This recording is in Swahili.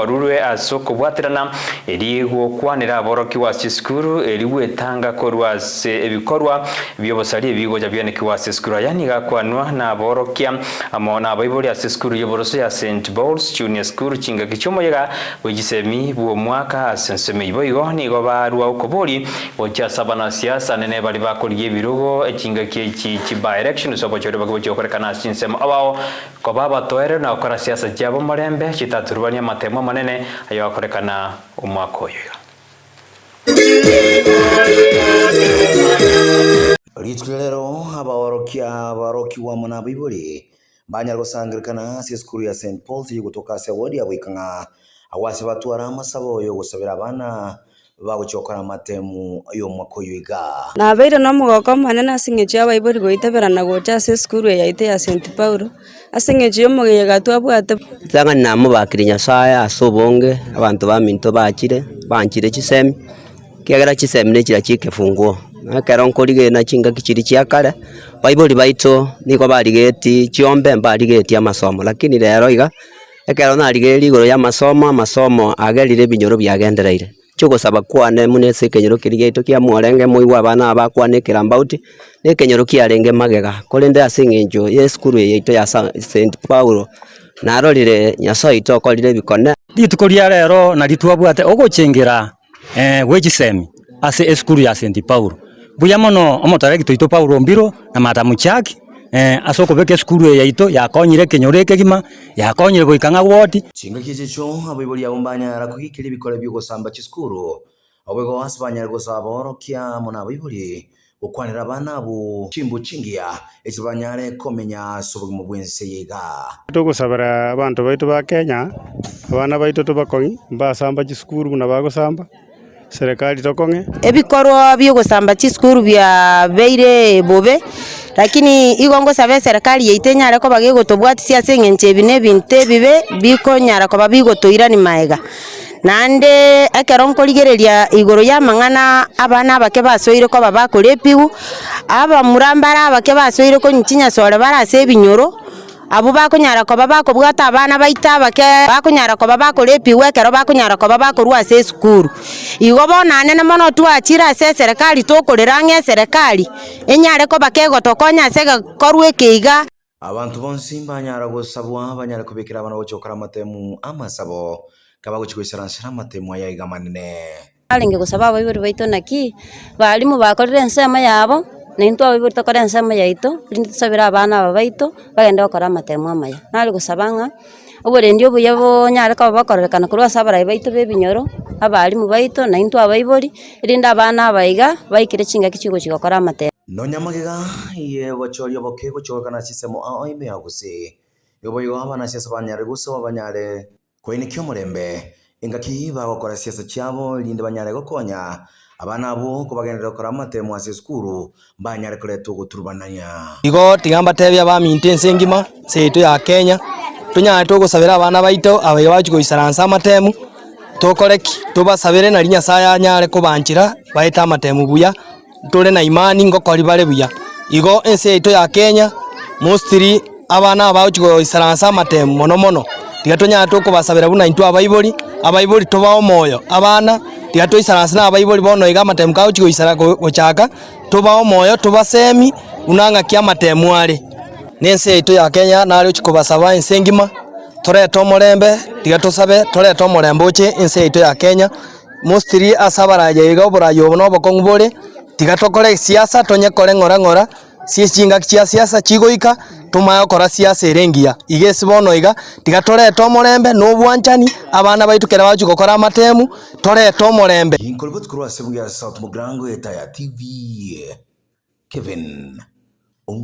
orurwe ase okobwaterana eri gokwanera aboroki wase esukuru eri gwetanga korwase ebikorwa byobosari ebigoja bionekiwa ase esukuru aya nigakwanwa na aborokia amo na abaibori ase esukuru yoboroso ya st balls junior school chingaki chiomoyega bwegisemi bwomwaka ase ensemo ibo igo nigo barwa okobori gocha ase abanasiasa nene bari bakorigia ebirogo echingaki echi chiba election ase obochori bake bochiokorekana ase ensemo abao koba abatoere na gokora siasa chiabo morembe chitaturubania matemo manene ayo akorekana umwaka uyu ritwe rero abaorokia baroki wamo na bibuli banyaragusangirikana sesikuru ya St Paul iri gutuka wodi ya bwikanga awasi batwara amasabo yo gusabira abana bagucokora amatemu yo mwako yuiga nabeire no mugokomane nasing'echi abaibori goitaberana gocha ase esukuru eyaite ya st paulo asing'echi yo omogega twabwate tang'ani namobakire nyasaye ase obonge abanto baminto bachire banchire chisemi kiagera chisemi nechira chikefunguo ekero nkorigena chingaki chiri chiakare baibori baito nigo barigeti chiombe mbarigeti amasomo lakini rero iga ekero narigeri igoro ya masomo amasomo agerire binyoro biagendereire chugusaba kwane se kenyoro kirigia itu kia mwarenge muigwa bana abakwa ni kirambauti ne kenyoro kia renge magega kuri nda singinjo ya skuru ye ito ya St Paulo narorire nyaso itu okorire bikone rituko ria rero na ritwabwate uguchingira eh wegisemi ase skuru ya St Paulo buya mono omotaregi ito Paulo mbiro na matamuchaki eh, asoko beke cukuru yaito yakonyire kinyuri kigima yakonyire guikang'a gwoti chingakia checho aboibori abo mbanyara kuhikira ebikore by'ogusamba chisukuru obwego ase banyara gusaba orokia muna aboibori gukwanera abana abo chimbo chingiya eki banyare komenya ase obogima bwense yiga togusabira abanto baitu ba kenya abana baito samba mbasamba chisukuru buna samba serikali tokong'e ebikorwa by'ogusamba chisukuru beire bobe lakini igongo sabe serikali yeitenyare koba gegotobwati ase eng'encho ebi na ebinto ebibe bikonyara koba bigotoirani maega naende ekero nkorigereria igoro ya mang'ana abana abake basoire koba bakora epigu abamura mbare abake basoire konyichinya sore barase ebinyoro abo bakonyara koba bakobwata abana baita bake bakonyara koba bakorepiwa ekero bakonyara koba bakorwa ase esukuru igo bonane na mono twachire ase eserikari tokorera ng'a eserikari enyare koba kegotokonya ase gekorwa ekeiga abantu bonsi banyara gosabwa banyara kubikira abana gochokora amatemu amasabo kabagochigoisera nsira amatemu aya iga manene arenge gosaba abaibori baito naki barimu bakorire ensemo yabo na into kore okora ensemo yaito rinde tusobera abana aba baito bagende gokora amatemo amaya nari gosaba ng'a oborendi obuya bonyare koba bakororekana korwa ase abarai baito ba ebinyoro abarimu baito na into abaibori rinde abana abaiga baikire chingaki chigochi gokora amatemo nonyamagega iye gochoria boke gochogokana chisemo ao ah, ah, ime aguse yoboigo abana ah, siasa banyare gusoba banyare kwainikia omorembe engaki bagokora siasa chiabo rinde banyare gokonya abana abo kubagendera kora amate ase sukuru banyare kuletu guturbananya igo tigamba tebya ba minte ngima seto ya Kenya tunyare tugusabira abana baito abayo bacu kuisaransa amatemu tokoreki tubasabire nari nyasaye anyare kubanchira baita amatemu buya tule na imani ngo ngokori bare buya igo ense ito ya Kenya mostri abana abaochi kuisaransa amatemu mono mono tiga tunyare tukubasabira buna intwa abaibori abaibori tubaomoyo abana isara sana abai abaibori bono iga matem kau chiguisara gochaka tubao moyo tubasemi unang'akia matemu are na ense yaitu ya kenya nare ochikobasaba ense engima toreta omorembe tiga tosabe toreta omorembe oche ense itu ya kenya mostiri ase iga oboraia obo na bore tiga tokore siasa tonyekore ng'ora ng'ora siechinga cia siasa chigoika tumayokora siasa erengia igesibono iga tiga toreta omorembe nobwanchani abana baitu kera bachu gokora matemu toreta omorembe inkolibot kurwa sebugya south mugrango eta ya tv eh, kevin